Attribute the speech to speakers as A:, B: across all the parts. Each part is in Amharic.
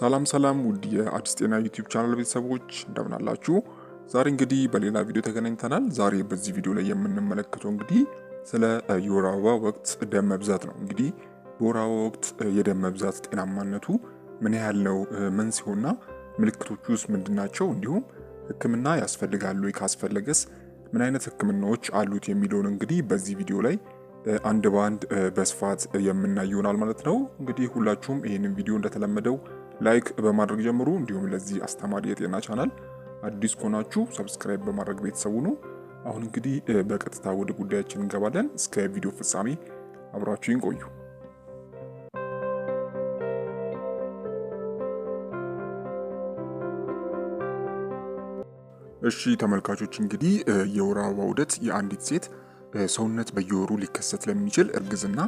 A: ሰላም ሰላም ውድ የአዲስ ጤና ዩቲዩብ ቻናል ቤተሰቦች እንደምናላችሁ። ዛሬ እንግዲህ በሌላ ቪዲዮ ተገናኝተናል። ዛሬ በዚህ ቪዲዮ ላይ የምንመለከተው እንግዲህ ስለ የወር አበባ ወቅት ደም መብዛት ነው። እንግዲህ በወር አበባ ወቅት የደም መብዛት ጤናማነቱ ምን ያህል ነው? መንስኤውና ምልክቶቹ ውስጥ ምንድናቸው? እንዲሁም ሕክምና ያስፈልጋሉ ወይ? ካስፈለገስ ምን አይነት ሕክምናዎች አሉት የሚለውን እንግዲህ በዚህ ቪዲዮ ላይ አንድ በአንድ በስፋት የምናይ ይሆናል ማለት ነው። እንግዲህ ሁላችሁም ይህንን ቪዲዮ እንደተለመደው ላይክ በማድረግ ጀምሩ። እንዲሁም ለዚህ አስተማሪ የጤና ቻናል አዲስ ከሆናችሁ ሰብስክራይብ በማድረግ ቤተሰቡ ነው። አሁን እንግዲህ በቀጥታ ወደ ጉዳያችን እንገባለን። እስከ ቪዲዮ ፍጻሜ አብራችሁ ቆዩ። እሺ ተመልካቾች እንግዲህ የወር አበባ ዑደት የአንዲት ሴት ሰውነት በየወሩ ሊከሰት ለሚችል እርግዝና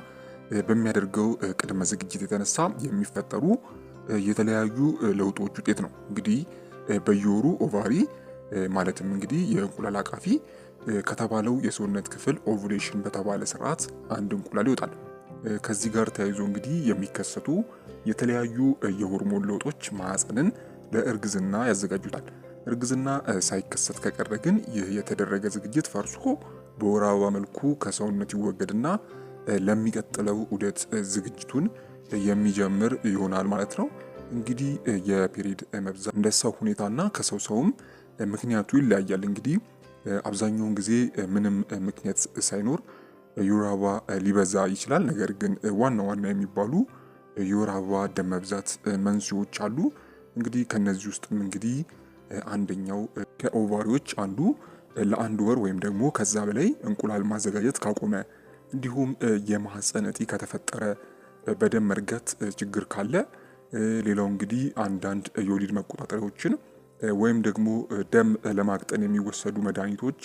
A: በሚያደርገው ቅድመ ዝግጅት የተነሳ የሚፈጠሩ የተለያዩ ለውጦች ውጤት ነው። እንግዲህ በየወሩ ኦቫሪ ማለትም እንግዲህ የእንቁላል አቃፊ ከተባለው የሰውነት ክፍል ኦቭሌሽን በተባለ ስርዓት አንድ እንቁላል ይወጣል። ከዚህ ጋር ተያይዞ እንግዲህ የሚከሰቱ የተለያዩ የሆርሞን ለውጦች ማህፀንን ለእርግዝና ያዘጋጁታል። እርግዝና ሳይከሰት ከቀረ ግን ይህ የተደረገ ዝግጅት ፈርሶ በወር አበባ መልኩ ከሰውነት ይወገድና ለሚቀጥለው ዑደት ዝግጅቱን የሚጀምር ይሆናል ማለት ነው። እንግዲህ የፔሪድ መብዛት እንደ ሰው ሁኔታና ከሰው ሰውም ምክንያቱ ይለያያል። እንግዲህ አብዛኛውን ጊዜ ምንም ምክንያት ሳይኖር የወር አበባ ሊበዛ ይችላል። ነገር ግን ዋና ዋና የሚባሉ የወር አበባ ደም መብዛት መንስኤዎች አሉ። እንግዲህ ከነዚህ ውስጥም እንግዲህ አንደኛው ከኦቫሪዎች አንዱ ለአንድ ወር ወይም ደግሞ ከዛ በላይ እንቁላል ማዘጋጀት ካቆመ፣ እንዲሁም የማህፀን እጢ ከተፈጠረ፣ በደም መርጋት ችግር ካለ ሌላው እንግዲህ አንዳንድ የወሊድ መቆጣጠሪያዎችን ወይም ደግሞ ደም ለማቅጠን የሚወሰዱ መድኃኒቶች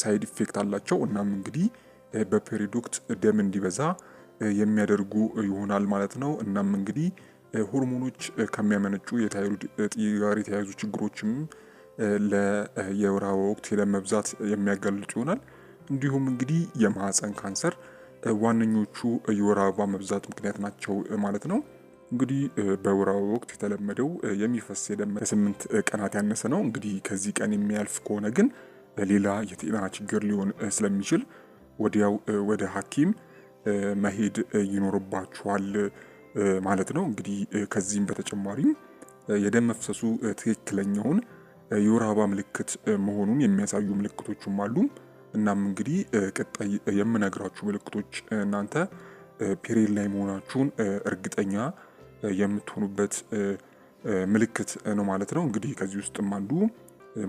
A: ሳይድ ኢፌክት አላቸው። እናም እንግዲህ በፔሪድ ወቅት ደም እንዲበዛ የሚያደርጉ ይሆናል ማለት ነው። እናም እንግዲህ ሆርሞኖች ከሚያመነጩ የታይሮይድ እጢ ጋር የተያያዙ ችግሮችም ለየወር አበባ ወቅት የደም መብዛት የሚያጋልጡ ይሆናል። እንዲሁም እንግዲህ የማህፀን ካንሰር ዋነኞቹ የወር አበባ መብዛት ምክንያት ናቸው ማለት ነው። እንግዲህ በወር አበባ ወቅት የተለመደው የሚፈስ የደም ከስምንት ቀናት ያነሰ ነው። እንግዲህ ከዚህ ቀን የሚያልፍ ከሆነ ግን ሌላ የጤና ችግር ሊሆን ስለሚችል ወዲያው ወደ ሐኪም መሄድ ይኖርባችኋል ማለት ነው። እንግዲህ ከዚህም በተጨማሪም የደም መፍሰሱ ትክክለኛውን የወር አበባ ምልክት መሆኑን የሚያሳዩ ምልክቶችም አሉ። እናም እንግዲህ ቀጣይ የምነግራችሁ ምልክቶች እናንተ ፔሬድ ላይ መሆናችሁን እርግጠኛ የምትሆኑበት ምልክት ነው ማለት ነው። እንግዲህ ከዚህ ውስጥም አንዱ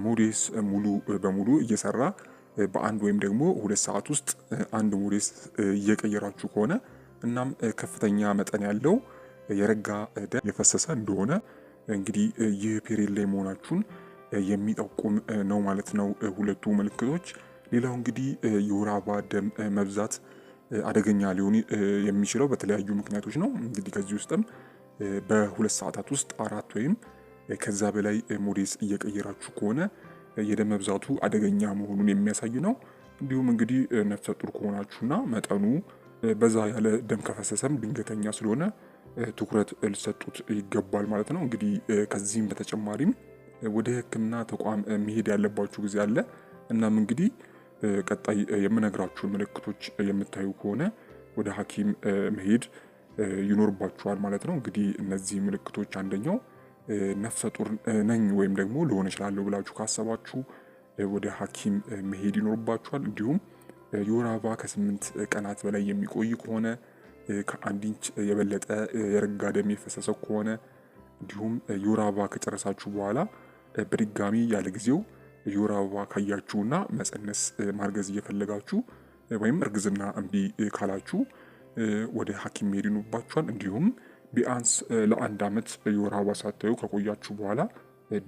A: ሞዴስ ሙሉ በሙሉ እየሰራ በአንድ ወይም ደግሞ ሁለት ሰዓት ውስጥ አንድ ሞዴስ እየቀየራችሁ ከሆነ እናም ከፍተኛ መጠን ያለው የረጋ ደም የፈሰሰ እንደሆነ እንግዲህ ይህ ፔሬድ ላይ መሆናችሁን የሚጠቁም ነው ማለት ነው። ሁለቱ ምልክቶች። ሌላው እንግዲህ የወር አበባ ደም መብዛት አደገኛ ሊሆን የሚችለው በተለያዩ ምክንያቶች ነው። እንግዲህ ከዚህ ውስጥም በሁለት ሰዓታት ውስጥ አራት ወይም ከዛ በላይ ሞዴስ እየቀየራችሁ ከሆነ የደም መብዛቱ አደገኛ መሆኑን የሚያሳይ ነው። እንዲሁም እንግዲህ ነፍሰ ጡር ከሆናችሁና መጠኑ በዛ ያለ ደም ከፈሰሰም ድንገተኛ ስለሆነ ትኩረት ሊሰጡት ይገባል ማለት ነው። እንግዲህ ከዚህም በተጨማሪም ወደ ሕክምና ተቋም መሄድ ያለባችሁ ጊዜ አለ። እናም እንግዲህ ቀጣይ የምነግራችሁን ምልክቶች የምታዩ ከሆነ ወደ ሐኪም መሄድ ይኖርባቸዋል ማለት ነው። እንግዲህ እነዚህ ምልክቶች አንደኛው ነፍሰ ጡር ነኝ ወይም ደግሞ ልሆን እችላለሁ ብላችሁ ካሰባችሁ ወደ ሐኪም መሄድ ይኖርባችኋል። እንዲሁም የወር አበባ ከስምንት ቀናት በላይ የሚቆይ ከሆነ፣ ከአንድ ኢንች የበለጠ የረጋ ደም የፈሰሰ ከሆነ እንዲሁም የወር አበባ ከጨረሳችሁ በኋላ በድጋሚ ያለ ጊዜው የወር አበባ ካያችሁና መፀነስ ማርገዝ እየፈለጋችሁ ወይም እርግዝና እምቢ ካላችሁ ወደ ሐኪም መሄድ ይኖርባችኋል። እንዲሁም ቢያንስ ለአንድ ዓመት የወር አበባ ሳታዩ ከቆያችሁ በኋላ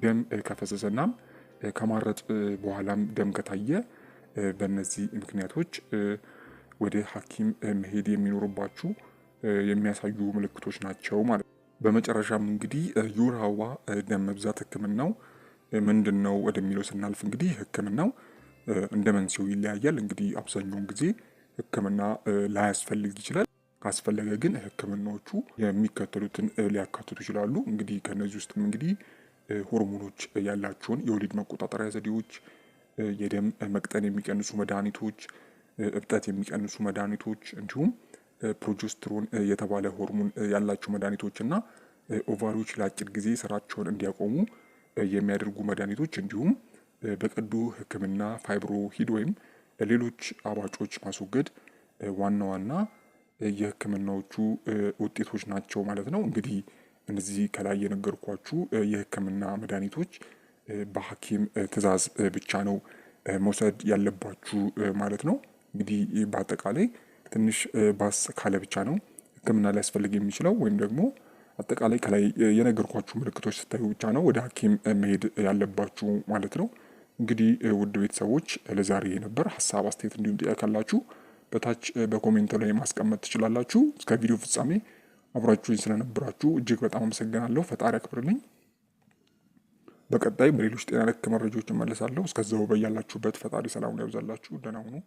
A: ደም ከፈሰሰናም ከማረጥ በኋላም ደም ከታየ በእነዚህ ምክንያቶች ወደ ሐኪም መሄድ የሚኖርባችሁ የሚያሳዩ ምልክቶች ናቸው ማለት ነው። በመጨረሻም እንግዲህ የወር አበባ ደም መብዛት ህክምናው ምንድን ነው ወደሚለው ስናልፍ እንግዲህ ህክምናው እንደ መንስኤው ይለያያል። እንግዲህ አብዛኛውን ጊዜ ህክምና ላያስፈልግ ይችላል። ካስፈለገ ግን ህክምናዎቹ የሚከተሉትን ሊያካትቱ ይችላሉ። እንግዲህ ከነዚህ ውስጥም እንግዲህ ሆርሞኖች ያላቸውን የወሊድ መቆጣጠሪያ ዘዴዎች፣ የደም መቅጠን የሚቀንሱ መድኃኒቶች፣ እብጠት የሚቀንሱ መድኃኒቶች እንዲሁም ፕሮጀስትሮን የተባለ ሆርሞን ያላቸው መድኃኒቶች እና ኦቫሪዎች ለአጭር ጊዜ ስራቸውን እንዲያቆሙ የሚያደርጉ መድኃኒቶች እንዲሁም በቀዶ ህክምና ፋይብሮሂድ ወይም ለሌሎች አባጮች ማስወገድ ዋና ዋና የህክምናዎቹ ውጤቶች ናቸው ማለት ነው። እንግዲህ እነዚህ ከላይ የነገርኳችሁ የህክምና መድኃኒቶች በሐኪም ትዕዛዝ ብቻ ነው መውሰድ ያለባችሁ ማለት ነው። እንግዲህ በአጠቃላይ ትንሽ ባስ ካለ ብቻ ነው ህክምና ሊያስፈልግ የሚችለው ወይም ደግሞ አጠቃላይ ከላይ የነገርኳችሁ ምልክቶች ስታዩ ብቻ ነው ወደ ሐኪም መሄድ ያለባችሁ ማለት ነው። እንግዲህ ውድ ቤተሰቦች ለዛሬ የነበር ሀሳብ፣ አስተያየት እንዲሁም ጥያቄ ካላችሁ በታች በኮሜንት ላይ ማስቀመጥ ትችላላችሁ። እስከ ቪዲዮ ፍጻሜ አብራችሁኝ ስለነበራችሁ እጅግ በጣም አመሰግናለሁ። ፈጣሪ አክብርልኝ። በቀጣይ በሌሎች ጤና ነክ መረጃዎች እመለሳለሁ። እስከዛው በያላችሁበት ፈጣሪ ሰላሙን ያብዛላችሁ። ደህና ሁኑ።